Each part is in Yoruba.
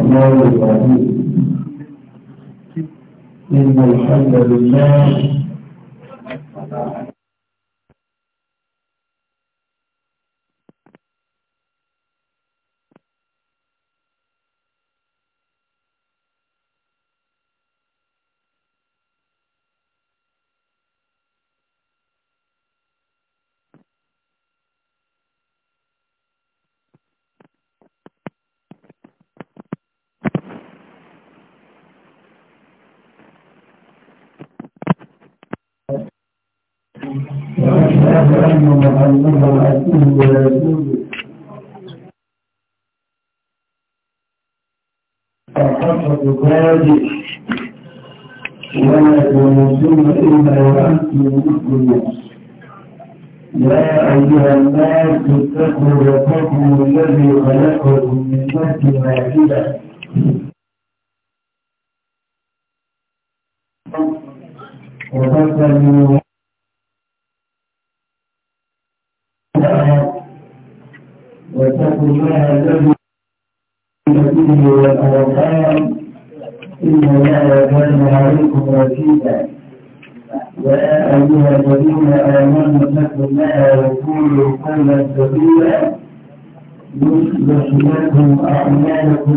الله العظيم إن الحمد لله أيها الناس اتقوا ربكم الذي خلقكم من نفس واحدة وبث واتقوا الله الذي به والأرحام إن الله كان عليكم رشيدا أيها الذين آمنوا اتقوا الله وقولوا قولا سديدا يصلح لكم أعمالكم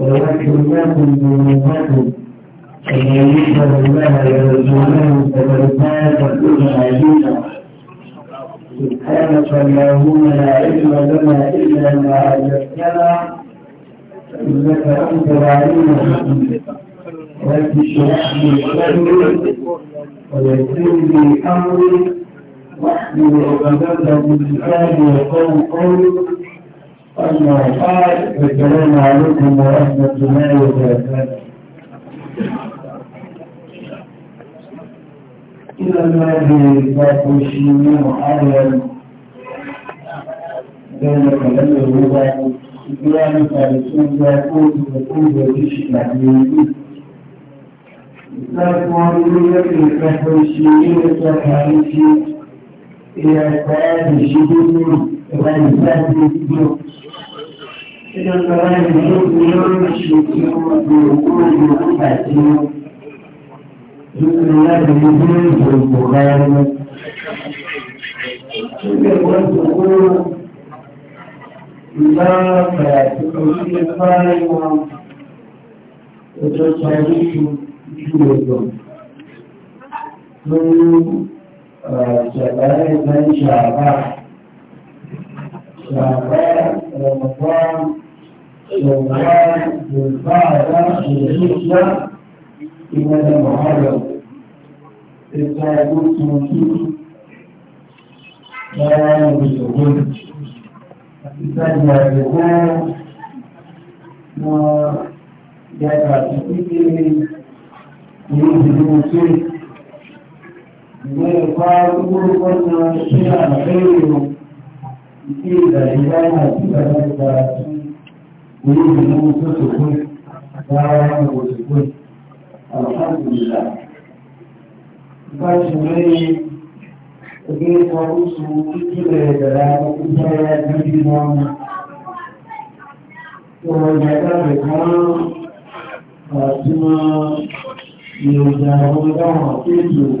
ويغفر لكم ذنوبكم ومن يشهد الله ورسوله فقد فاز فوزا عزيزا سبحانك اللهم لا علم لنا إلا ما علمتنا إنك أنت العليم الحكيم رب اشرح لي صدري ويسر لي امري واحلل عقدة من لساني يقول قولي اما بعد فالسلام عليكم ورحمة الله وبركاته إلى الذي تخشين محرم بين كلام الرضا إبراهيم فارسون يقول يقول تقومية تحوشية تحريشي إلى سعاد شديد غلبات الدين إلى قرآن الحكم يوم الشتيم بوقود الحكيم ذكر الله الدين في البخاري تلك والذكور لا تكون في القائمة وتصحيح ìgbòjò lórí ṣẹ̀lẹ̀ ẹgbẹ́ ṣàbá ṣàbá ẹ̀mọ̀gbá ṣẹ̀lẹ̀ ìgbà ẹ̀dá ìrìnṣà ìwẹ̀lẹ̀ mọ̀hálọ̀ ìta ẹgbẹ́ tuntun lára ìgbòjò ìtajà ìgbòjò wọn yàtọ̀ àti pípé يجب فيه ويقال كل قلنا شيئا خير إذا إذا ما تبدأ ويجب سكون دعوة وسكون الحمد لله Bájúmẹ́rin ẹgbẹ́ ìfọwọ́sùn kíkìlẹ̀ ìbẹ̀rẹ̀ àwọn ìfẹ́ ẹgbẹ́ ìmọ̀ọ́nà. Ìwọ̀n ìgbàgbẹ́ kan àti máa يدعون وقتلوا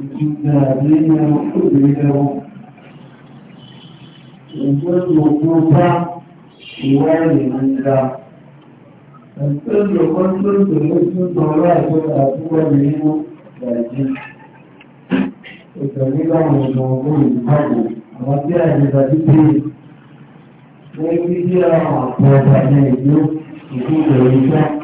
الكتابين وحبلوا وكل قوة والمنزع السر قتل بالاسم صلاة الأقوى منه لكن وتبقى موضوع الحق رجع لذلك ويجي على أقوى بعدين يوم يكون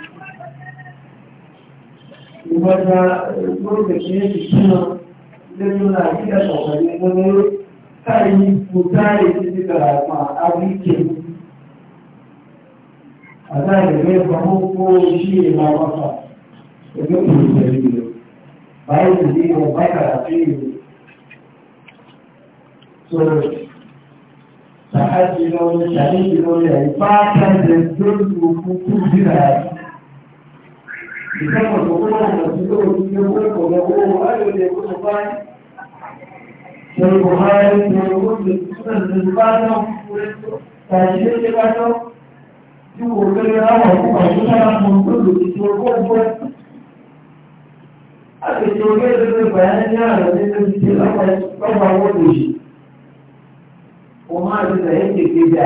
wanda lokaci yake suna zai nuna gida shakwari wani kayi mutane su daga ma'abikin a zai da famu ko shi ne ma masa da duk da ne bayan ìkẹ́kọ̀ọ́ tó kó náà lọ sí lórí tí ó kó kò lọ owó ayò lè kó tó bá yìí. Ṣé ìwọ̀n máa ń ṣe owó tó túnbẹ̀ lórí bá náà fún ẹ̀tọ́ tàbí ṣe ṣe bá tọ́ tí wò lórí àwọn ọkùnrin àti náà mọ̀ tó lò sí tó kó kó. A lè ṣe owó èlò lè gbà yẹn ní àrùn ní lórí tí lọ́wọ́ àwọn olùṣì. Wọ́n máa ń ṣe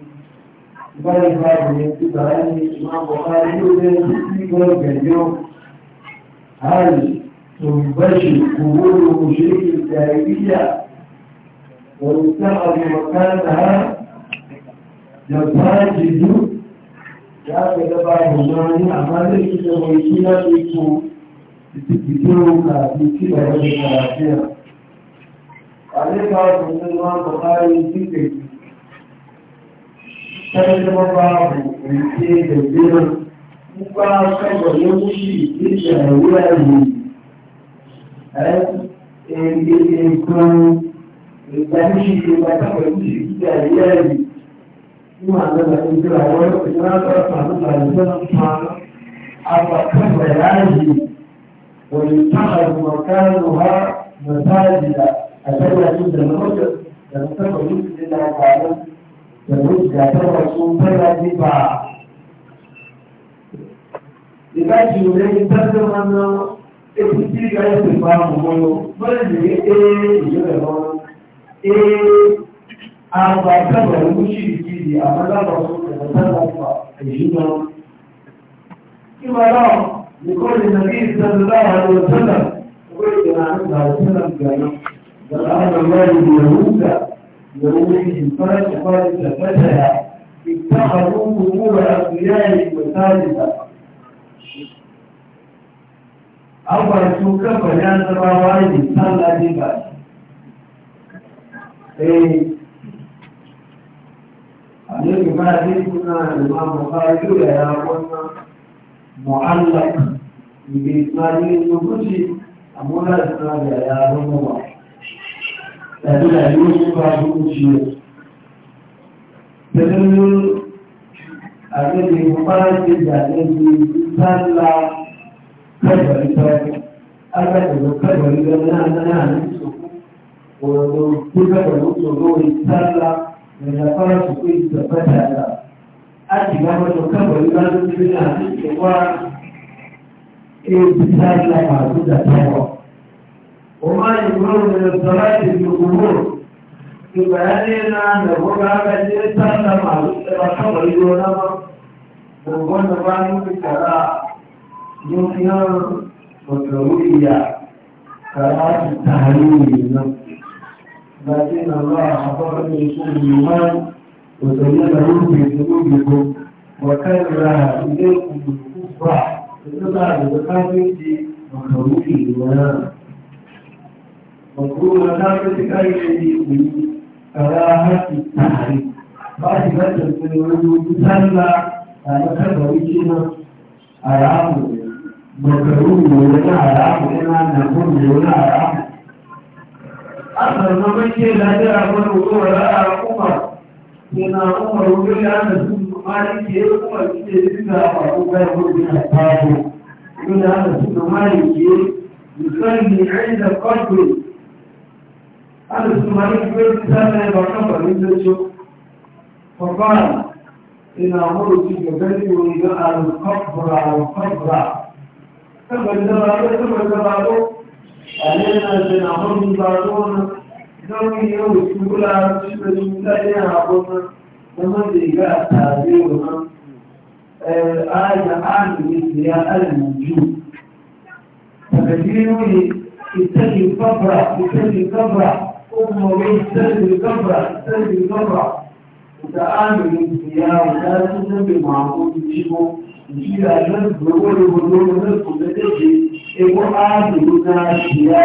báyìí báyìí ní títà ẹni ìmáàmù káàrí ló dé títí gbẹ̀gbẹ̀yọ́ ààrì tó bẹ́ṣù kòwó lóko ṣe é ìjà ìbíyà وَالْسَمَدِ وَكَانَهَا يَبْهَاجِدُ yàtọ̀ lọ́ba ìwọ̀n ní àmàlẹ́ ìṣẹ́wọ̀ ìṣú láti kú ìdíje òun àti kílẹ̀ ẹ̀rọ ìgbàlá sí à. àlébà ọ̀sán ní wọn kọ̀ bá rí sí kèkì sarki babu rike da biyu kuma saboda yanci yake a wurare kun rikici ne ba ta kwanci da yari kuma da ba in jira wani kuma na tsara samu tsarin ma a bakan bayani wani ta'ar makanu ha masajida a tabbacin da na mutu da na tabbacin da na kwanan pẹ̀lú ìgbàdọ́rọ̀ tó ń nípa. Ìbájú rẹ̀ ní máa ná ebi tí ìyá ẹ̀ pè pa mọ̀ mọ́ bọ́lẹ̀ lè é ìlú rẹ̀ lọ. Ee àgbà ìjọba ìlú sì àwọn alábọ̀ tó tẹ̀lé sábà fà èyí lọ. Kí wọ́n lọ nìkan lè nàbí ìsọ̀rọ̀ láwọn ọ̀rọ̀ sọ́nà owó ìgbà àti ìgbà sọ́nà gbà náà. Gbàgbà àwọn ọ̀rọ̀ ìgbà يومئذ فرد فرد فتها اتخذوا قبور أبنائهم مساجدا أول سوق فجان سباواني صلى بك إيه عليك ما حديثنا الإمام البخاري يا أخوانا معلق بإسماعيل النبوة أمونا إسماعيل يا أخوانا tàbí àìyí fún àgbókù sí ẹ̀. Pẹ̀lú ní ìṣòkú. Òòrùn وما يكون من الصلاة في القبور في بياننا نقول هذا الشيء سلم رحمه يونما نقول نبان في كراء يوفيان وكروية كراء التهليل لكن الله حفظني كل يومان وزينه في قلوبكم وكره إليكم الكفر فإنما بكافر وكروية مقولة ذات تكاية يجيبني كراهة التحريف بعد ما تنسلوا تسلى أنا كبريشنا أرامو مكروه ولا أرامو إنا نقول ولا أرامو أصلا ما بيجي لا ترى من ولا أرامو suna umar wurin da sun mali ke umar ke duka a kuka wurin da tafi wurin da sun mali ke musamman inda kwallo أنا مالك بن سامع بكفر من ذلك فقال إن أمرت بذلك أن القبر على القبر كما الزبادة كما الزبادة علينا بن عمر بن زادون نوي يوم الشغل شبه جملة يعبون ومن لقاء تعبيرنا آية عن مثل الوجود فكثير يتجي الكبرى يتجي الكبرى kuma wani sarki kabra sarki kabra da amini biya da su zabe mako shigo shi da nan gobe da gobe da su da take e ko amini na shiya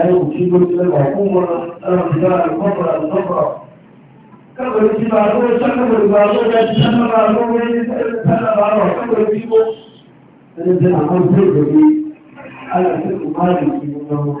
ai shi go da ba kuma da kabra kabra kabra shi ba ko san da ba ko da san ba ko ne san ba ko kabra shi go da da an sai da ni ala sai kuma da shi go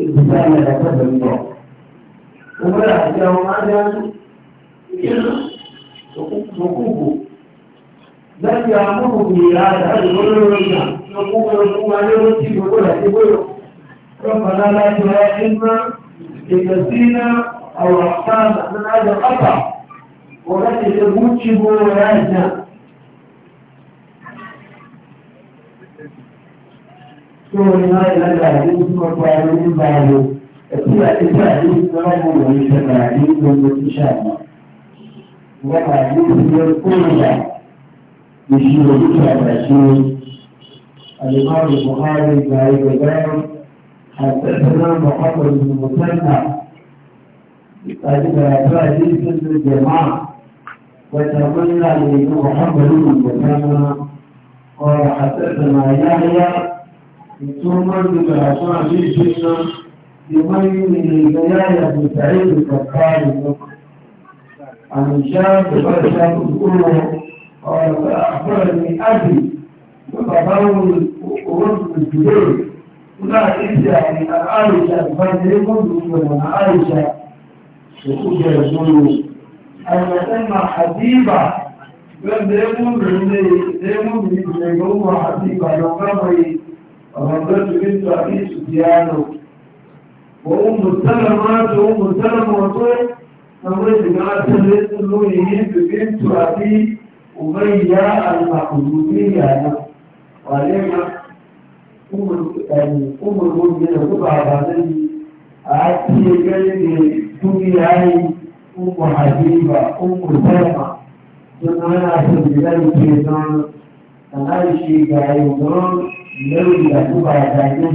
إنسان لكذا الله وما أحجاه آدم وقوقه بل يعمره بإرادة الغلوية يقوم يقوم عليه ويكتب يقول يقول ربنا لا ترى علما لنسينا أو أحسانا من هذا الخطأ ولكن يموت به ويهزم tó o ní máa yẹn lára àdé tí mo pa ẹni nígbà rẹ ẹtí àti tí àdé tí wọn mú wọn ṣe máa ní gbogbo tíṣà mi wọn máa ní ìṣe kóòlà ìṣirò nípa àgbàṣe الإمام البخاري بعيد ذلك حدثنا محمد بن مسلم فإذا أتى جيش الجماعة وتمنى لابن محمد بن مسلم قال حدثنا يحيى ثم بعثنا في جنة يميل الولاية سعيد الكفار عن الشاب فشاب الأولى قال فأخبرني أبي وتضول ورد الكبير لا تنسى يعني عائشة فاتركم من عائشة يقول يقول أن حبيبة لم يكن من يكون حبيبة لو كان وهمزة بنت أبي سفيان وأم سلمة وأم سلمة وطول نمرت بنات سلمة نوره بنت أبي أمية المخزومية وعليها أم المؤمنة تبع بعدين أعطي قلبي دنياي أم حبيبة أم سلمة جمعنا في بلاد كيزان أنا شيء قاعد lórí ìgbàkúgbà àgbàdo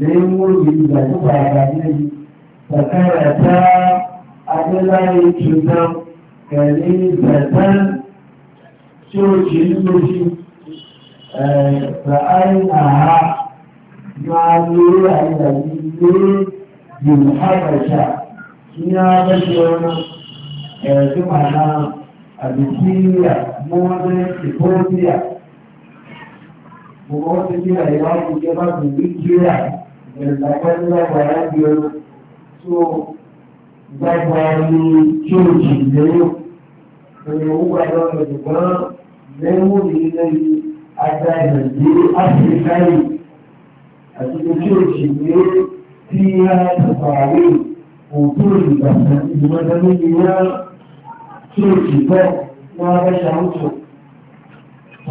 lórí ìgbàkúgbà àgbàdo kàkàrà tá adéláyé tuntun kẹ̀lé bàtà tí ó ti ń lójú ra'ayi àhá máa lórí àgbàdo lórí yìí hábàṣà ní abẹ́jọ́ ẹ̀ẹ́dùn àná àbíkíyà mọ́ọ́dún ìfọ́bíyà. Mọ̀kọ́síkíra ìwádìí jẹ́ bá ti rí kíra ìgbàgbọ́nlá wàrà bí o tó gbàgbà ní kíòjì lẹ́yìn. Ìrìn òun gbàgbà ọ̀dùnkán lẹ́wọ̀n nílé agbára ní Áfíríkà yìí. Àti ní kíòjì ní tí a tàbí òkú ìgbàgbà ìgbàgbà ní ìyá kíòjì bẹ́ẹ̀ wọ́n abẹ́ṣà ń tò.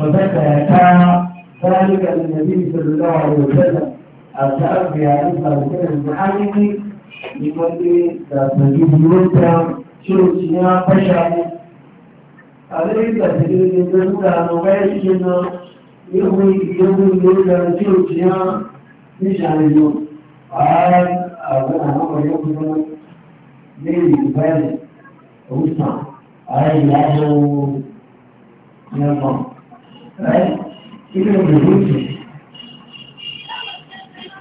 Ọ̀dẹ́kẹ̀ẹ́ká ذلك النبي صلى الله عليه وسلم الشعب وسلم عريفة وكان المحامي لمن تجيب يوتا شو سيا بشعي عليك تجيب يوتا نوغيشنا يقول لي يوتا شو سيا بشعي يوم قال أبنى هم يوتا ليه يبالي وسطا أي لا يوم يوم أي inú bùbùtù.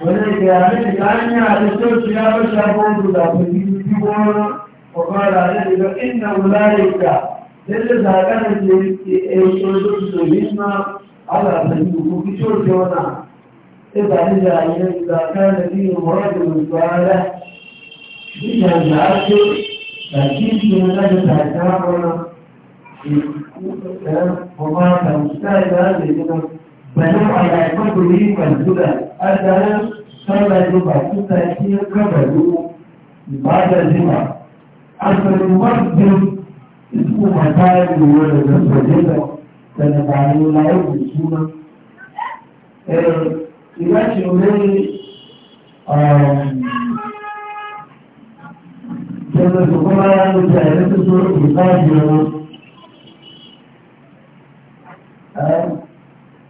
Oníṣẹ́ àmẹ́ta ní àdúgbò tí a ló ṣàbọ̀dù làbùdí tí wọ́n ọ̀gá ara rẹ̀ lọ iná wùláyìíkà lẹ́lẹ́ sàgánà ti èso lóṣù nígbà alàbẹ̀ ìgbòkú kí tó jọ náà. Ẹgbà nígbà ayé ìgbàkánà ní ìmọ̀ràn ìgbà rẹ̀ nígbà ìgbà ájó àti ìgbìmọ̀ láti sàgánà ọmọ àtàkùn sáà ìgbà rẹ̀ nínú Banyak ayat itu beriman juga. Adalah salah juga kita dia kebaru ibadah lima. Asal wajib itu matai dua dengan sahaja dan dari lain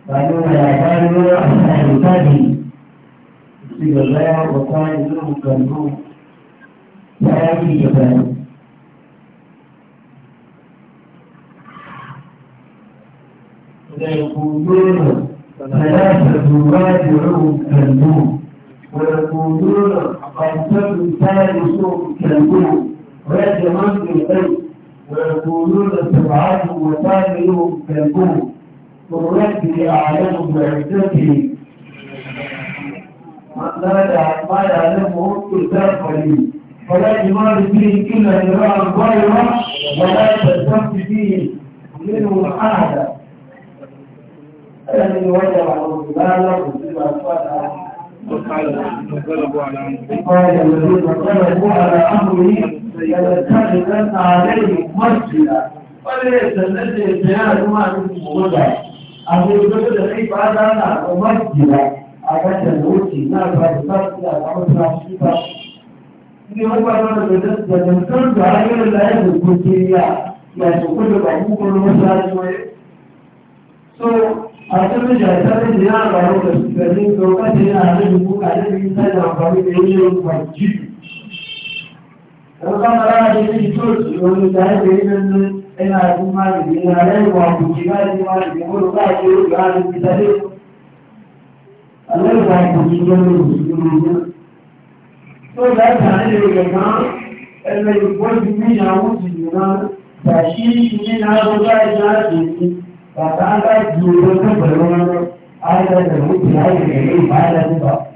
فإنه لا يزال أحسن عباده يصيب الله وقال له كالنوم فآتي جبانه فيقولون ثلاثة وادعهم كالنوم ويقولون خمسة ثالثهم كالنوم ويجمعون البيت ويقولون سبعة وثامنهم كالنوم وربي أعلم بعزته ما يعلمه كتاب قليل ولا جمال فيه إلا ذراع غيره ولا تزكي فيه منه أحدا الذي وجب على الجبال وسلم أصواتها قال الذين غلبوا على أمره لنتخذن عليهم مسجدا وليس الذي سيعلم عنه مدعي àwọn olùdókòtò ní ìbáradá náà ọmọ ìjìyà agájà lóòtì náà bá ìsáàtì àtàkùnrin àṣìṣà. Ní ọgbà náà lọ́dọ̀ tẹ̀lé tó ń gbà ayé láyé gbogbo kiri à yàtọ̀ kó lè bàbú kó ló ń ṣáájú ẹ. So àtẹ́lẹ́jà ìsáàtì náà bá wọn lọ sí pẹ̀lú ìgbà káàdì náà lẹ́nu àlẹ́nu ìsáàtì àǹfààní ilé ìwà jù. Ẹ̀ka máa rárá ní ìtòsí ina kuma ina rayuwa ku ji ma ji ma ji ko ba ki ga ni tare Allah ya ku ji ga ni ji ma ji to da ta ne ga ma ina yi ko ji ni ya mu ji na da shi shi ne na ga ga ya ji ba ta ga ji ko ta baro na ai da da mu ji ai da ni ba da ba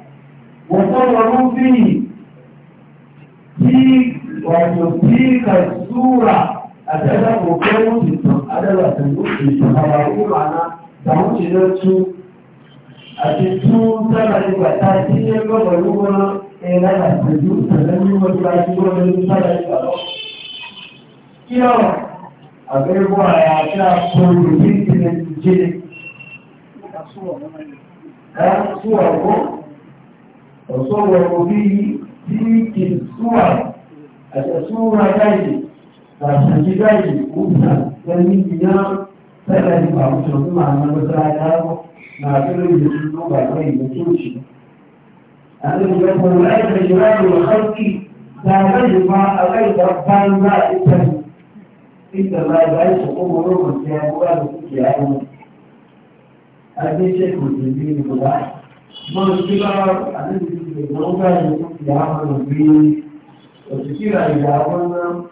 wa sawwaru fi fi wa yusika sura Adẹ́gbà kò kẹ́ wọ́n ti tàn, adẹ́gbà kò kí ìtàn àwọn ìwàna, àwọn ti lọ tú. Àti tú sára ìgbà tá a ti ní ẹgbẹ́ pẹ̀lú wọn ẹ̀rọ àtẹ̀jú tẹ̀lé ní wọ́n ti láti wọ́n lórí sára ìgbà lọ. Kí ọ̀rọ̀ àgbẹ̀rẹ̀wọ̀ àyà àti àpò ìròyìn ti lè jẹ́. Ẹ sú ọ̀gbọ́n, ọ̀sọ́ wọ̀ òbí tí kì í súwà, àtẹ̀súwà dáìdì. shi gari kusa ganin ina tsada ne ba wuce kuma a nan wasu rana na tsirin da su ba kai da su ci a nan ya kuma ya ta jira da harki ta gani ma a kai da bayan za a ita inda za a yi su kuma rukun ya buwa da suke yawo a ne ce ku jini ne guda man shi ba a nan da suke zauka da suke yawo da biyu da su kira da yawon nan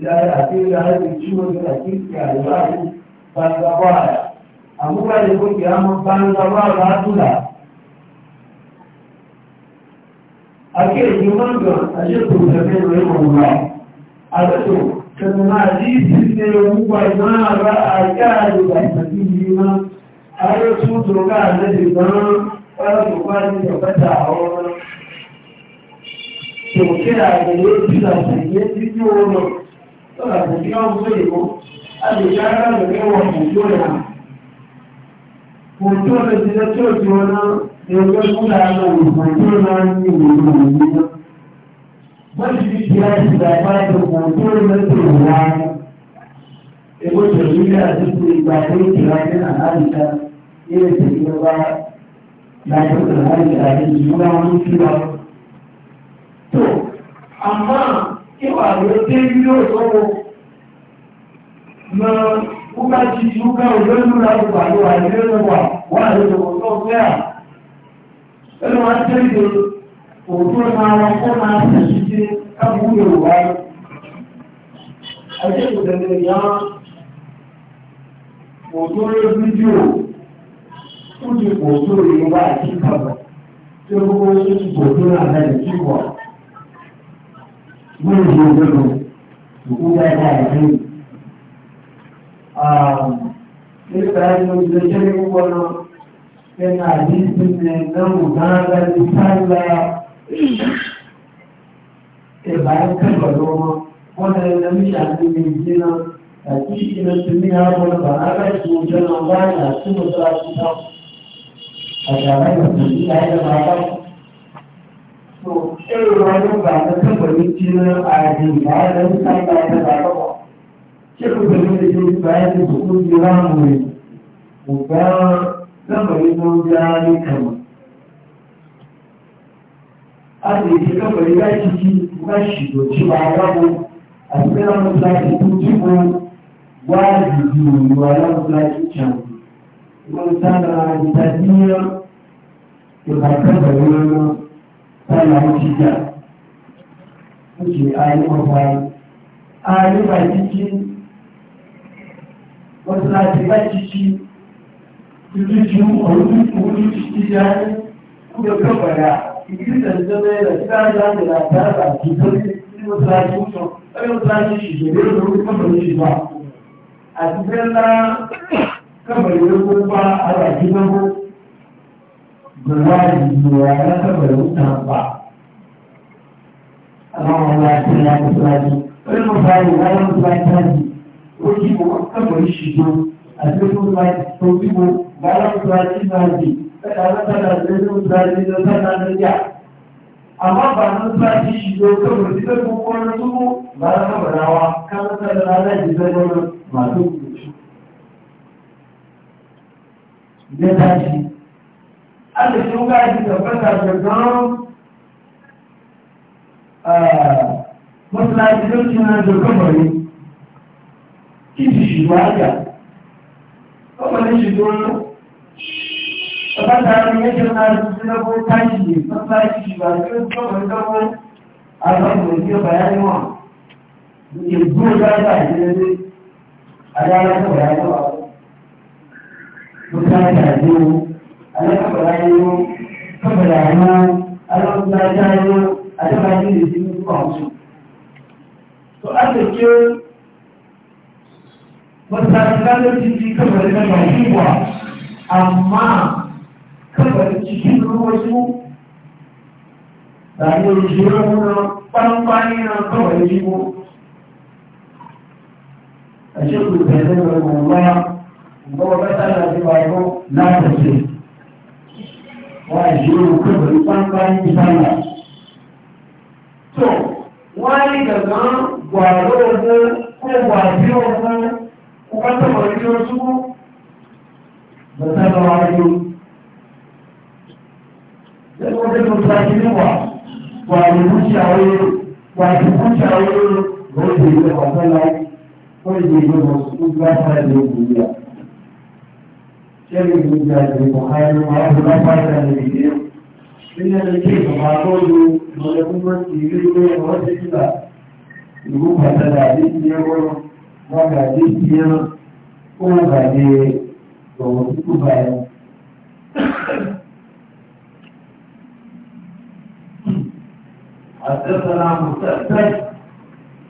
da ake da haɗe ciwon da ake kyaye banza baya amma ba da kuke amma banza ba ba tula ake yi manga a shi to da kai mai mamma a zato kan ma hadisi ne mu ba na ba a kyaye da hadisi ma a yi su to ga da dan fara to kwani da fata a wannan to kira da yake da sai yake yi wannan sọ́nà kò sí káwọn tó yìí kó láti ṣe ara rẹ̀ pé wọ́n kò tó yà kò tó lè ti lọ tí ó ti wọn náà ní ọjọ́ ìkúlà àwọn olùkọ́ tí ó máa ń ní ìwòrán òní náà wọ́n ti fi di àìsí àìpá tó kò tó lè tó wà ní ebo tẹ̀lé ilé àti ìpè ìgbà tó ń tẹ̀lé ayé náà láti ká ilé tẹ̀lé ìjọba láti ó tẹ̀lé ayé náà láti ìjọba wọn ń fi lọ. tó àmọ́ ìwà ló dé yóò sọ́wọ́ mọ kúkà tí kúkà olóòlù láti ló wà nílé ló wà wà ló wò tó fẹ́ à máa wá kó máa tẹ̀sí sí ajé ìtẹ̀lẹ̀ ìyá òótọ́ lé fídíò ó ti pòótọ́ yorùbá àti ìkàbọ̀ tí ó kókó ó ti pòótọ́ náà lẹ́yìn kíkọ̀ ní ìlú òdodo òkú dáadáa ẹ̀dín. Nípa ẹni ìgbésẹ̀ ní púpọ̀ náà, ẹni àdínkù ní ẹ̀dánwò gánagá ti sáńgbà ẹ̀bà ẹ̀kẹ́kọ̀ọ́ lọ́wọ́. Wọ́n lè lọ ní ìṣàkóso ìdí náà. Àti ìṣẹ̀lẹ̀ tó ní àwọn ọmọ bàbá tó ń jẹ́ náà wáyà tí mo sọ àti sọ. Àgbàrá ìgbà tó ní ìlà ẹ̀rọ bàbá. to irin wani ba na tabbari jinin a jiniya da mutane ba ta ba ba ce ku da ne da ke bayan da su kun jira mu ne ku ga tabbari don jari kama an da ke tabbari za ki ci ba shi doci ba ya mu a cikin ranar za ki kun ci ko wajibi ne wa ranar za ki can wani tana da ta biyar da ba tabbari wani tana wuce da wuce ayi kwakwai ayi ba ciki wasu lati ba ciki jirgin wani ciki ya yi kuka kabara ikirin da zama yana tsara da na tara ki sauri wasu lati wuce ɗaya wasu lati shi ke biyar da wuce kabarin shi ba a cikin na kabarin ba a bakin na berwajib ada Allah ya tabbata da gan masallaci don suna da kamari kiti shi ba haka kamarin shi dole tabbata da yake na suna ko tashi ne masallaci shi ba haka kamarin kamarin a zan da ke bayani wa ke zuwa da ta hajjiyar a ranar ta bayani wa mutane ta hajjiyar a ranar ta bayani wa saboda yana an na jayo a taba yi da jini zuwa musu to an da ke masu kanar jini kamar na mahiwa amma kamar cikin ruwasu rayuwar jiran wuna ɓanɓani na kawai jibo a cikin rufe zai wani mawa ba wa ƙasa na jiba yau na tafiye wọ́n á yí ohun pé pẹ̀lú pápá ní sáyà. tó wọ́n á rí wà lóògùn kó wà sí ògùn kó bá tó wọ̀ ní oṣù. bàtà lọ́wọ́ ayé. lẹ́kọ̀ọ́ tó tó tó ayé wà wà lóògùn sí àwọn èrò wà lóògùn sí àwọn èrò lóògùn ìgbẹ́ wà sọ́la ó lè gbé ìgbẹ́ wọ̀ sí ojú àpá ìlú ìgbìyà. shirin hujja ke buhari ma ya kula fata da bidiyo ina da ke ba ko yi wanda kuma tiri ne a wata kila ibu fata da bidiyo wani ma ga bidiyo kuma ga ne ga wasu ku bayan حدثنا مستقبل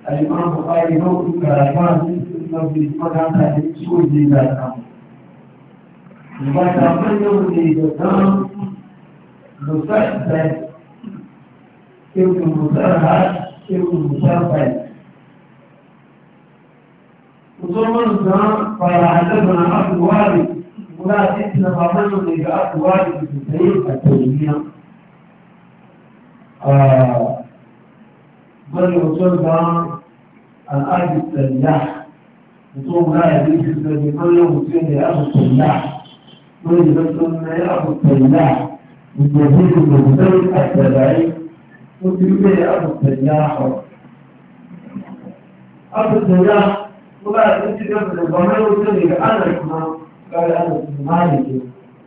الامام بخاري موت كرمان في المسجد مكان تحديد سوء جيدا الامر وتغير للنظام مسبب شبه مسرع شبه مسبب وثم النظام فيعلمنا أبواب ولا تسلم ظن بأبواب تسعيد التنمية بل وصل الأرض السلاح وثم لا يجوز الذي كل مسلم لأرض السلاح ويجب ثم يأخذ سلاح من يزيد المغترب التبعي ويجب يأخذ سلاح أخذ سلاح وبعد أنت جنب الضمان وتنهي أنا كمان قال أنا مالك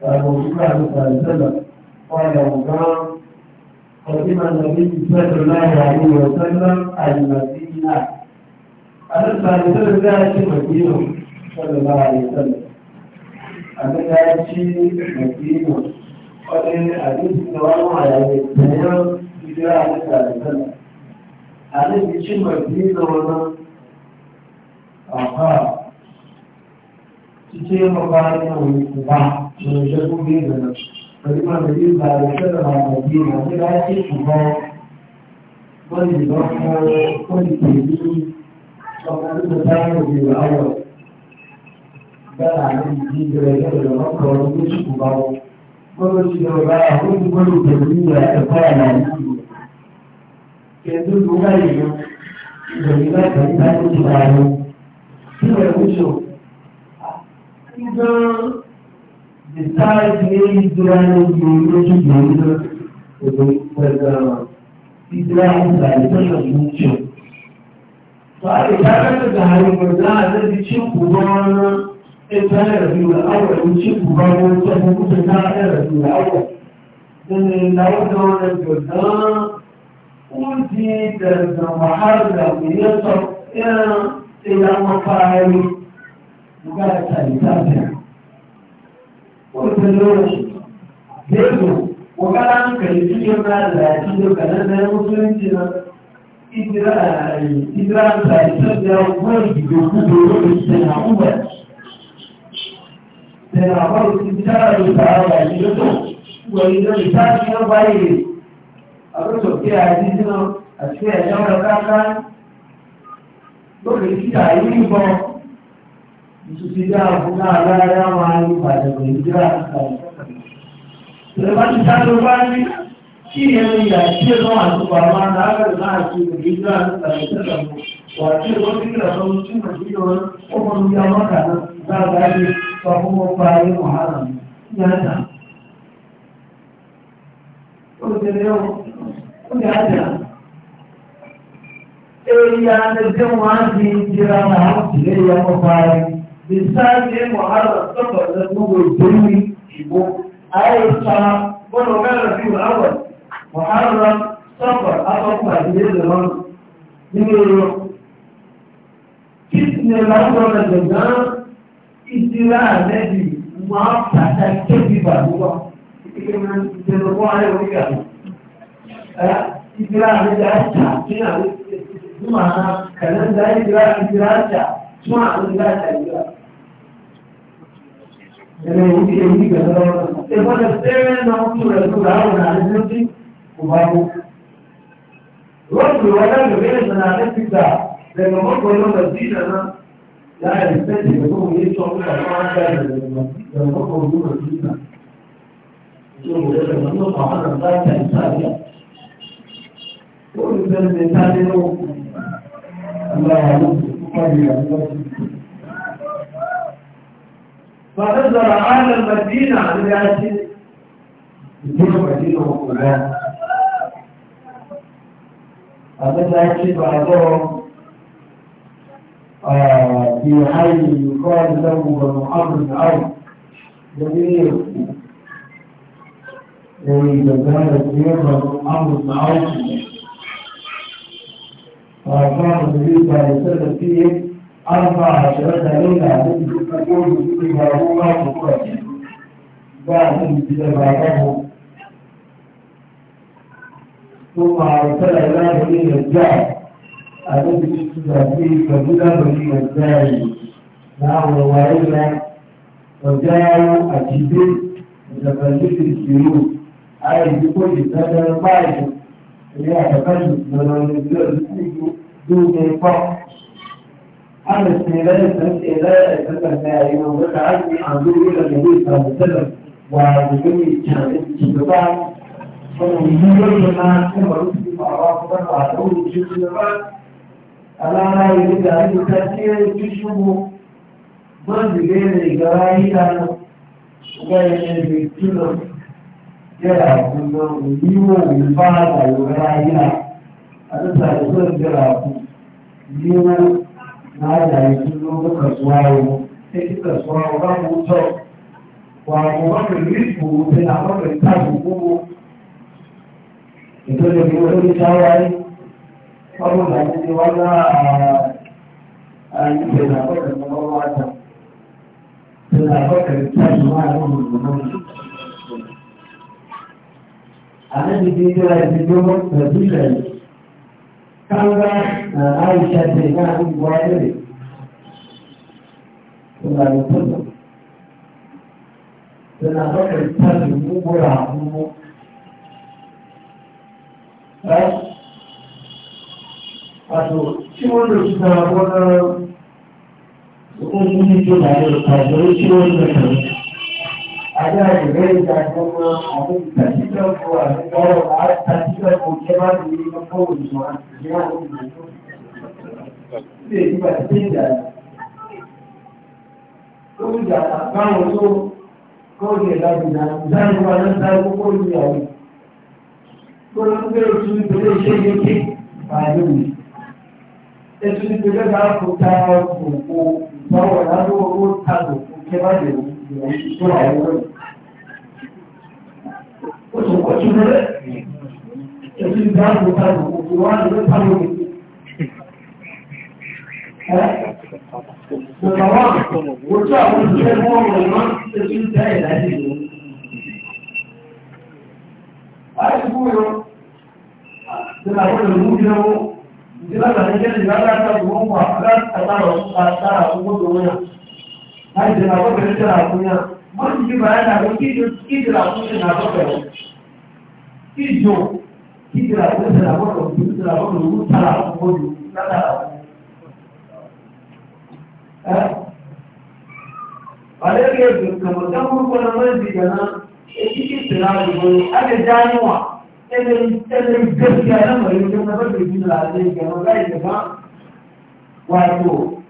فالرسول الله صلى الله عليه وسلم قال مقام قدم النبي صلى الله عليه وسلم المدينة أنا صلى الله عليه وسلم صلى الله عليه وسلم abin da ya ci makino wani abin da wani hayaye da yau jira a da taliban a nan da ci makino wani aha cikin mafarin wani kuma da ya kuma da nan kalima da yin ba da shi da mamaki na ta da ce kuma wani ba ko wani ke yi a wani da ta lára àwọn ìdí ìbẹ̀rẹ̀ lọ́dọ̀ lọ́kọ̀ ọdún tó ṣùkú bá wọn. Gbọ́dọ̀ ti lọ bá àwọn olùgbọ́dọ̀ pẹ̀lú ìwà ẹ̀kọ́ àlà yìí. Kẹ̀dú ló báyìí lọ, ìbẹ̀rẹ̀ láti bá tó ti bá lọ. Kí lọ ẹ̀kú sọ? Ìjọ di olójú ìgbòho lọ. Òdò إن كان ربيع الأول يشيب بابه وتهمه إن كان ربيع الأول إن لو دون الجنة وزيد المحرم يصل إلى مقاعد وقال ثالثاتها قلت له بيته وقال عنك يجيب ما لا يجيب كلام لا مسلم إدراك إدراك ثالثات يا أخوي بيقولوا إنها أمة da labarin sun tara da tara da shi da to wani da ta shi na bayi a kan sauke a jijina a cikin a shawar kaka lokaci da yi ba su ti da abu na alaya ma yi ba da mai jira a kan da ba su tara bayi shi ne mai da shi ya zama su ba ma da aka da na a ce da jira a kan da wace wani kira sun cin da shi da wani kofar ya maka na za a sọ fún gbogbo ayé Muharram yàtà olùdílé o olùdílé àjà èyí àtẹ̀jẹ́ wọn á di ìjìra náà ìdílé yẹn kó parí bisáàjì Muharram sọ̀tọ̀ ẹ̀ gbogbo ìdílé ìbò ayé sọ gbọ́dọ̀ mẹ́rin fi wọ́n àwọ̀ Muharram sọ̀tọ̀ àtọ́kùn àdìyẹ lọ́nà nínú ìlú kí ni ìdíra àlẹ́bì máa pàtà kébì bàbúwà ìpínlẹ̀ máa ń tẹ̀lé wọ́n alẹ́ orí àmì ìdíra àlẹ́bì àjà tí àwọn ìdíra kàlẹ́ndà ìdíra ìdíra àjà tún àwọn ìdíra àjà ìdíra ẹ̀rẹ́ ìdí èyí gbẹ̀rẹ̀ lọ́wọ́ ẹgbọ́dọ̀ fẹ́rẹ́ náà tún rẹ̀ tó ráhùn àlejò tí kò bá wọ́ rọ́ọ̀tù ìwọ́dà lórí ìsìn àlẹ́ ti gbà lẹ́nu mọ́kànlá la especie que como he dicho una parte de los pocos duros de China. Yo voy a mandar para la parte de Italia. Por el ser de Italia, la luz familiar. فنظر على المدينة على ياسين يقول المدينة وقلها هذا ياسين بعضهم آه في عين يقال له بن الارض بن عوف جميل أي جبال الزيارة بن عمرو بن وكان النبي صلى الله عليه وسلم فيه أربع عشرة ليلة التي تكون فيها هو مفرد بعد جبابه ثم أرسل إلى بني الجعد الذي تشتغل فيه فبدأ في الداعي نعم وإلا وجاءوا أجيبين متفلسف الجنود أي بكل هذا القائد اللي يتفلسف من الجنود دون الفقر أما استهلاك الاستهلاك فكما يوضح عني عن دور إلى النبي صلى الله عليه وسلم وعن جميع الشباب فمن يوم ما كان رسول الله صلى الله عليه وسلم alama yi da yi ta tsere tushubu don zube da gara yi da nan ga yi ne da kilo jira kuma yiwo ba da yura yi na a duka da zuwa jira ku yiwo na da yi kilo ga kasuwa yi sai ki kasuwa ba mu to wa mu ba mu risku sai na ba mu tabu ko ito da yiwo da ọdún ìgbàlódé ti wá ní àyíkè ìdàgbọ́tẹ̀ lọ́wọ́ wá jà ìdàgbọ́tẹ̀ tí a sì máa ń lò lọ́wọ́ àlejò ti dé ẹni tó mọ́ pẹ̀lú ìrẹ̀lẹ̀ káńgá àìṣẹ́ ti náà ń gbọ́ ẹ̀rẹ̀ ìgbàlódé ìdàgbọ́tẹ̀ tí a sì mú gbọ́ra àmúmú. wato shi wanda suka wani hukumin juna da kwazo shi wanda ta a da da rai da kuma abin da shi da ko a da ko a ta shi da ko ke ba da ni ka ko ni so an ji na ko ni so ne ba ta ce da ko da ba mu so ko ne da da zan ba nan da ko ni ya ko nan da ètò ìgbélé náà kò ta òkú ìtọ́wọ̀ lábẹ́ owó tàbí òkú kí má lè wọ́n tó àwọn ọ̀rọ̀. ó sì kọ́ sí lọ́lẹ̀ ètò ìgbélé náà kò ta òkú kí wọ́n lè ta òkú. Bọ̀dọ̀ wọn, ojú àwọn òṣìṣẹ́ mú ọmọ ìmọ̀ ètò ìgbélé ìdájí ìlú. Àìsíkú yọ, ìlànà ìlú yẹn wọ́n ìdílágbà ní kẹ́lẹ̀ ìgbàgbà àtàkùn wọn wà látàkàrọ̀ àtàrà àkókò wọn láì jẹ́ àkọ́kọ́ ìjọba àkúnyà wọ́n ti fi bàá dàgbé kí ìjọba àkúnyà nà àkọ́kọ́ wọn kí ìjọ kí ìjọba àkúnyà nà àkọ́kọ́ wọn kí ìjọba àkọ́kọ́ wọn tààrà àkókò wọn látàrà àkókò. Àlẹ́ kí ẹ̀dùn kàmọ̀tá kúrúkọ náà máa ń dìgbà náà, èyí kì í tẹ̀lé tsananin gaskiya na mai yankin na bakin jini a zai gama zai gaba wato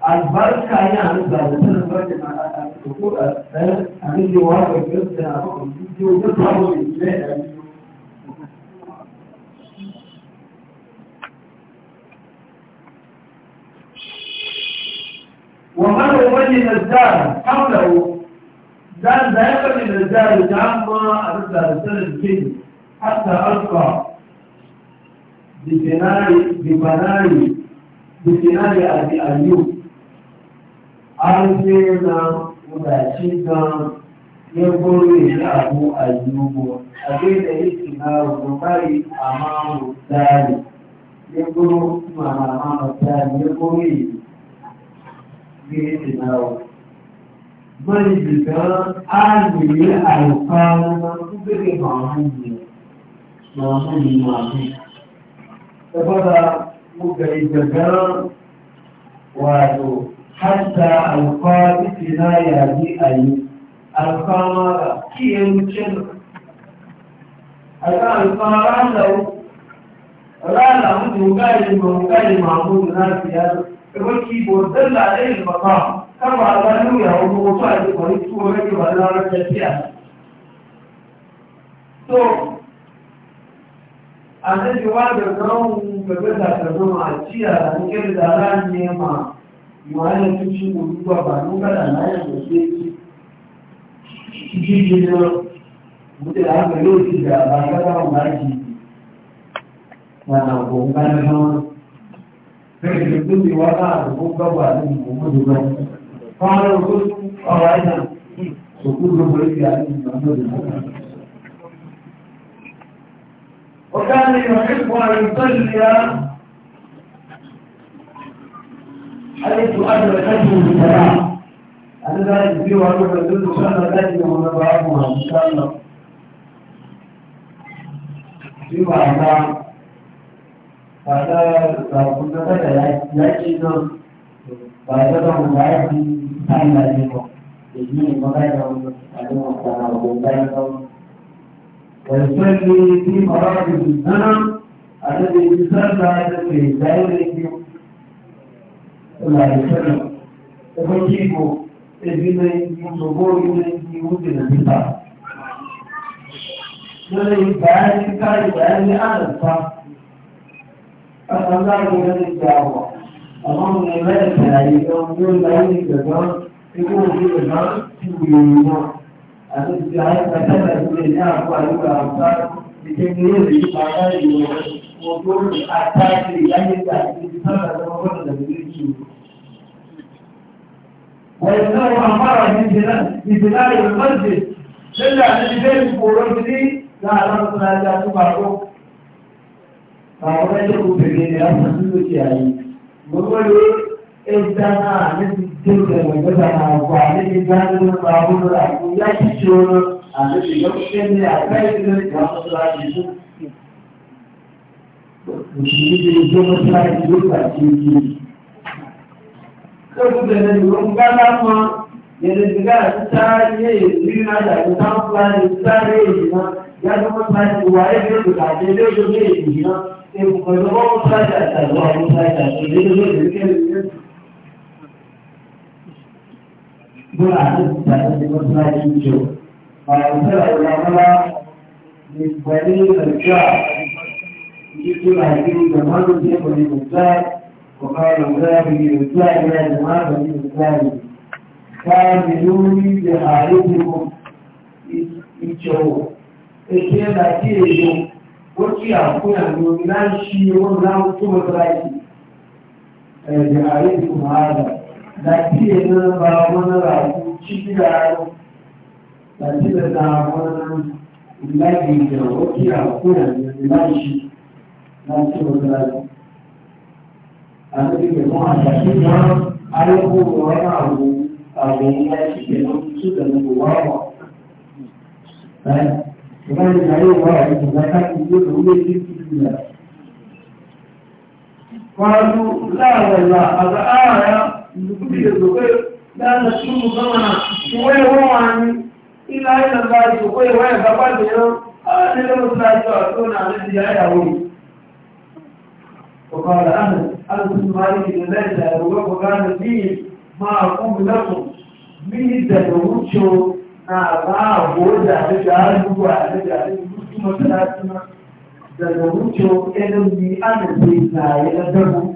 albarka yana nuna da sanin barkin na a ko a tsaye a nufin wakar gaskiya a bakon jiyo da samu da jini a biyu ومن يبين الزار حوله زان ذهب من الزار جامع أرسل الجن حتى ألقى بفناء بفناء بفناء أبي أيوب أرسلنا مباشرا يقول يا أبو أيوب أبيت إسماء البخاري أمام الثاني يقول ما أمام الثاني يقول بإسماء من بكرة أهل الألقاب من قبل معهم masu yi masu ta fata muka yi gaggarar wato hatta alfafi tina yaji a yi alfama ga kiyan cin a kan alfama da rana mutu gari mawukari mamu na siyar rikki bodon da ɗaya baka kama a gano ya wani wasu a jikin wani tuwo rage ba na rage fiya so annabi wa da kawon gaba da kano a ciya da muke da ran nema wani cikin guduwa ba nuka da layan da ke cikin na mutu o aka yau ci da ba dar kama baki na na gonga na kawon kai da duk da wata da gonga ba da mu mu da fara gudu a o su kudu bai da ni ba mu da وكان يحب أن يصلي حيث أدركته بسلام أنا لا لك أن يحدد سنة تجد ونبعثها إن شاء الله لك أنا فأنا كنت تجد يجد بعد ذلك سنة لكم يجيني مبعث أدوم السنة وبعثهم ويصلي في مراد الغنم الذي يصلى في دائره صلى الله عليه وسلم وكيفه ابن يوسفو يوسفو يوسفو يوسفو lórí ìgbàáyé káyé ìgbàáyé àrùfá ọ̀sán láàrin lórí ìgbà àwọ̀ àwọn ọmọ ẹgbẹ́ ìgbàáyé lọ yóò láyé ìgbàgbọ́n ikú òbí ìgbàgbọ́n ti wù ú náà. أتستعين فتبت من أعفى الأمثال بتكنين الشفاعي وطول الأعتاك لأي تأكيد سبب وغلد بالإنسان وإنه أمر ببناء المسجد لله الذي بين قرونه لا رب لا تبعه àwọn ẹgbẹ́ obìnrin ni a fún lókè ayé gbogbo ẹ̀ ẹ̀dá náà níbi sai da magana na kwanaki ganin babu da ku ya ci ciwo a nufi lokacin ne a kai ne da wasu lafi su shi ne ke wasu lafi su ba ce ke kan da na yiwu gana ma ya da diga ta ne yi na da ku ta fulani ta ne yi na ya zama ta ce wa ya ke bukace ne yi ne yi na sai kuma zama wasu lafi a tsaruwa wasu lafi a tsaruwa ne da zai da bó àti ìdájọ́ ti mọ́ síwájú ìjọ. Àìsẹ́ ìlànà ni pẹ̀lú ìrẹ̀jọ́ ìjọ àti ìgbàmọ́ ló jẹ́ pẹ̀lú ìrẹ̀jọ́ ọ̀gá ìrẹ̀jọ́ ìrẹ̀jọ́ ìrẹ̀jọ́ ìrẹ̀jọ́ Káàmì lórí ìdè àríwọ̀ ìjọwọ̀. Èké láti èyí, ó tí àkúnyà lórí láì ṣí owó láwọn tó mọ́ láì ẹ̀dẹ̀ àríwọ̀ máa rà da ke nan ba wani rafu cikiya da ke da na wani lagi da wakiya kuna da lashi na ce wani rafu a cikin da kuma a cikin da ayyuku da wani abu a gani ya ci ke nan su da nan wawa kuma da yayi wa a cikin da ta ke yi da wuri cikin da kwazo la'adalla a ga aya ìdúkúdìdè lókè dáadáa tí mo sọ́nà ìwé ìwé wọn ni ilá ìlànà ìṣòkó ìwé ìbápá ìdèyàn àwọn ilé mọ́tò láìsọ àtúnà àti ìyáyàwó وقال أنا أنت مالك ليس أبوك وكان فيه ما أقوم لكم من الدروس نعم أقول ذلك أعلم وأعلم ذلك مسلم ثلاثة دروس إنني أنا في إسرائيل دروس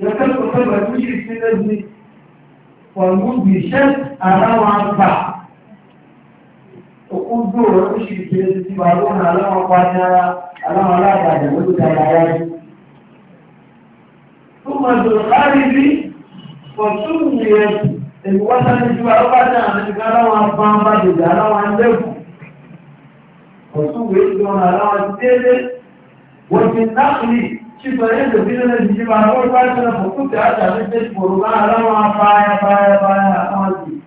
يكلف كلمة مشرك من أجل والمدهشات أنا وعنفع òkú dúró oṣù kìíní ti wà lóhùn aláwọ̀ pátá aláwọ̀ aláàbàdàn ló da yàrá yìí. tó mọ̀ tó lárí bí fọ̀tún yẹn èmi wá sáré ju alábàdàn àmì aláwọ̀ afánbàdàn aláwọ̀ andẹ́kù. fọ̀tún yẹn ti wọn aláwọ̀ délé wọ́n ti náà shi bare da bin nan ji ma ko ba ta na ko ta ta da ta ko ba ala ma ba ya ba ya ba ya amali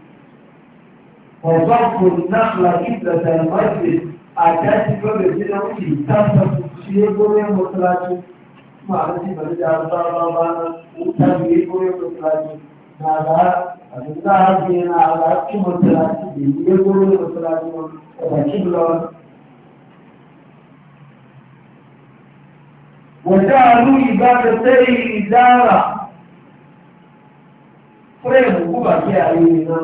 wa zaqu nakhla ibda al masjid a ta ci ko da ji da wuce ta ta shi ko ne mutlaci ma da shi bare da ba ba ba na ta ji ko ne mutlaci na da abin da ha ke na ala ci mutlaci ne ko ne mutlaci ba ta ci lawan وجعلوا عبادتي إدارة fúrẹ́ẹ̀mù kúbà kí ayé iná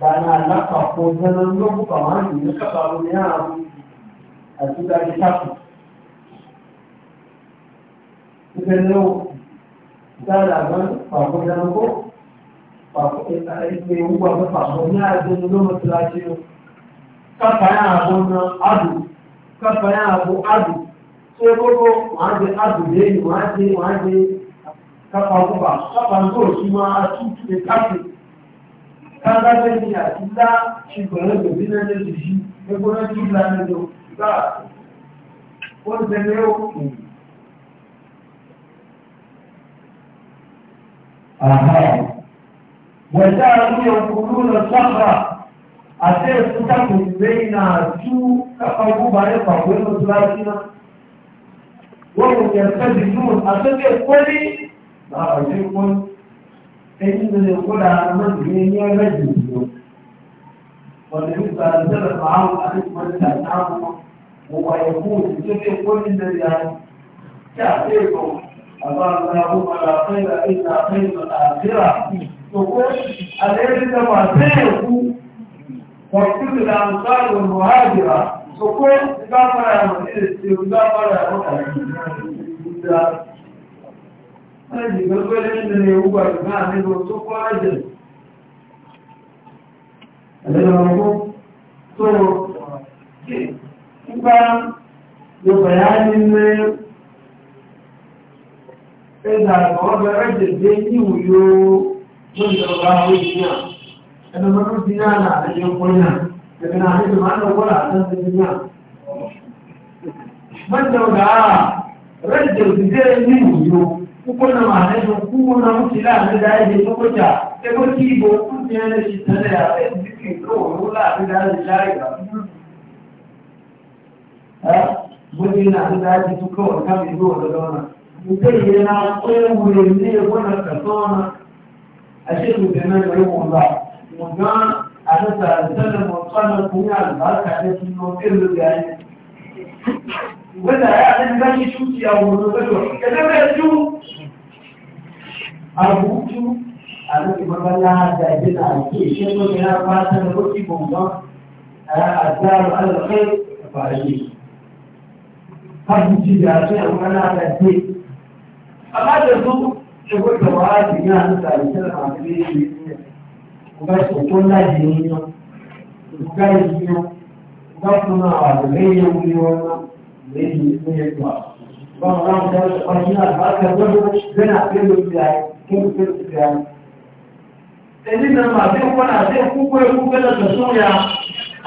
dáná alápapọ̀ jẹ́nà lọ́pù pàmánì ní kàbàrù ní àrùn àti dájú sápù. Ìpẹ̀lẹ̀ o, dáná àgbọn pàpọ̀ jẹ́nà kó, pàpọ̀ ìpè owó tó yẹ kókó wọ́n á ṣe àdùdé wọ́n á ṣe wọ́n á ṣe kápá ọkọ̀bà kápá ńkó sí máa tútù lè káàkì káńdájẹ́ ni àti ńlá ṣùgbọ́n ẹgbẹ̀ bí náà lẹ́sì yìí ẹgbẹ́ náà tún lá nínú gbà ó ń tẹ́lẹ̀ òkú. Wẹ̀dá àti ẹ̀sùn tàbí lẹ́yìn náà tú kápá ọkọ̀bà ẹ̀fà وهم يرتبطون أصدق قولي لا أجيبون إن يقول على من هي رجل والنبي صلى الله عليه وسلم معهم أخذ من تعلمه ويقول أصدق قولي لله تعطيكم أبار لهم لا خير إلا خير الآخرة تقول أليس ما سيكون وقتل الأنصار والمهاجرة Òkú ìgbàfàrà àwọn ìrètí ìgbàfàrà àwọn àìyí ìgbà. Wọ́n jì gbogbo ẹlẹ́yìn lè wúgbà ìgbà nígbò tó kọ́ ẹ̀jẹ̀. Ẹ̀lẹ́yìn ọmọ tó nígbà yóò yá nílé ẹ̀dà ọ̀bẹ̀rẹ̀ jẹ̀dẹ̀ yíwù yóò lóòjọba ó yìí náà. Ẹnu mọ́tò ti náà àjẹkọ́ náà. لكن أحيث معنا ولا أساس الدنيا من لو دعا رجل بزير منه يوم وكنا معنا وكنا مسلا ندعي بسوكتا تقول كيبو كنت أنا شتنا ذكي روح ولا ندعي شايفة ها مدينة ندعي سوكتا كم يدور لدونا مبينا قيم للنية ولا أشيخ بمن يوم الله وقال أنسى أنسلم وانقلنا الدنيا البركة عليك إنه إرد يعني وإذا يعني ماشي شوتي أو مدبر كلام يجو أبوتو أنك مبلا هذا أجل عليك شنو من أربعة نبوتي بوضع الدار على الخير فعليه فهمتي يا شيخ وأنا على البيت أما تزوج شغل جوازي يعني أنسى أنسلم عليك ọba ìṣòkò ńlá yìí ní yan ọba yìí yan ọba fún náà àgbẹ̀ yẹ wuli wọn náà lẹ́yìn ìlú vamos tó a. báwo láwọn ọ̀dọ́ ọ̀ṣun náà bá kẹ́ gbọ́dọ̀ bẹ́ẹ̀ náà bẹ́ẹ̀ ló ti ra yẹ kéwù kéwù ti ra yẹ. ẹni náà máa bí wọn náà bí kúkú ekú bẹ́ẹ̀ lọ sọ̀sọ́ ya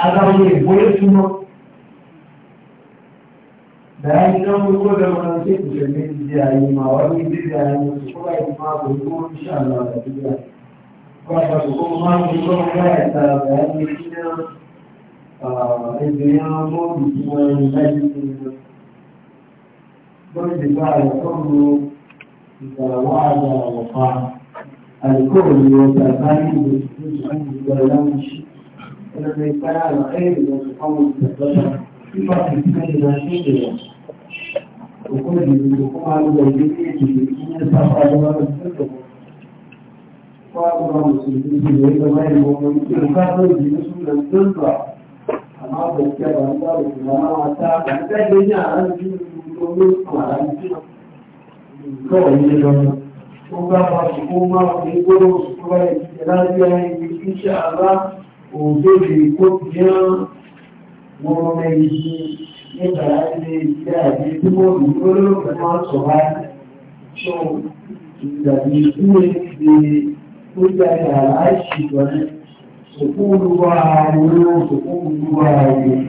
àgbàwọ̀ ìbòye é que ni náà wọ́n gbọ́dọ̀ máa ń ṣe ìṣẹ̀lẹ̀ ìdí ayé máa lá ní ìdí ayé máa wá ní ìdí ayé máa wá Ọlọ́run ló ń bá ẹ̀ta rẹ̀ ní kí náà ẹgbẹ̀rẹ̀ ọmọ ìfún ẹni láti ṣe rẹ̀. Lọ́rin ti bá rẹ̀ tọ́rọ ìgbàlọ́wọ́ àjà ọ̀pá. Àìkò ìlú ọjà báyìí ló ti ṣe ìgbàlọ́ láti ṣe. Ẹlẹ́gbẹ̀ẹ́ ìpáyà rẹ̀ ẹ̀rẹ̀ ìrọ̀lẹ́ ọmọ ìgbàlọ́ta. Fífà ti fi ẹni láti ṣe rẹ̀. Òkú ìdìbò kó máa ń lọ ìgbésí ìdìbò kí ní sáfà lọ́wọ́ babu ba musulmi da ya zama yin gwamnati da kasar jini su da sun ba amma da ke ba ba da su zama mata da ta yi yin a ran jini domin a ran jini kawai ne don ko ba ba su ko ma ba ne gwada su kuma ya ke lafiya ya yi insha Allah o zai da ko biyan gwamnati ne ba ya ne ya yi kuma wani lokacin ma su ba so da ne gbogbo ẹ̀yà láìsí ìjọni òkú olúwa ààrùn òkú olúwa ààrùn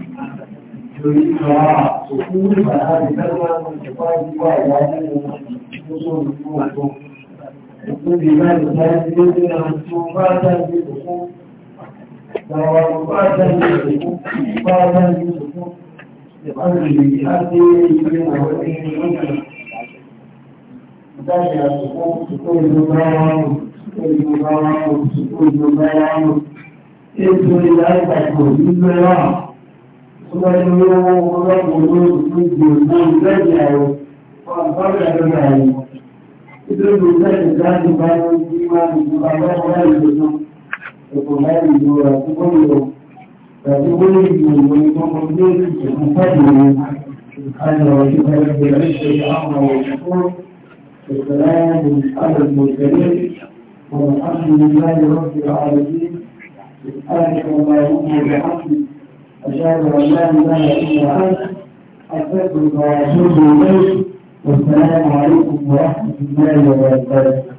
lórí ìjọra òkú olúwa ààrùn lọ́wọ́ ìjọba ìjọba ìyá nínú gbogbo olùkú ọ̀tọ́ òkú ìlà ìjọba ìjọba ìjọba tó bá dájú òkú ìjọba bá dájú òkú bá dájú òkú ìpàdé àti المبارك المبارك ètò ìlà ìpàkọ̀ nínú ẹ̀rọ ọmọ ẹni owó ọlọ́pùn olóògbò náà lẹ́yìn àrùn ọ̀pọ̀lọpọ̀ lọ́dọ̀ àrùn ìdóògbò lẹ́yìn láti bá ní bí wọ́n ní ìjọba lọ́wọ́ láìpẹ́ náà ẹ̀kọ́ láì lọ àtúgbò lọ àtúgbò lè ju ìwé ìtọ́kọ ilé ìṣẹ̀kùn pẹ̀lú àjọ ìjọba ìgbẹ̀rẹ̀ ìṣẹ̀kùn àwọn ọ̀ṣun ìṣẹ̀lẹ̀ àjọ ìṣẹ̀lẹ̀ والحمد لله رب العالمين سبحانك وما يؤمن بحق أشهد أن لا إله إلا أنت أستغفرك وأتوب إليك والسلام عليكم ورحمة الله وبركاته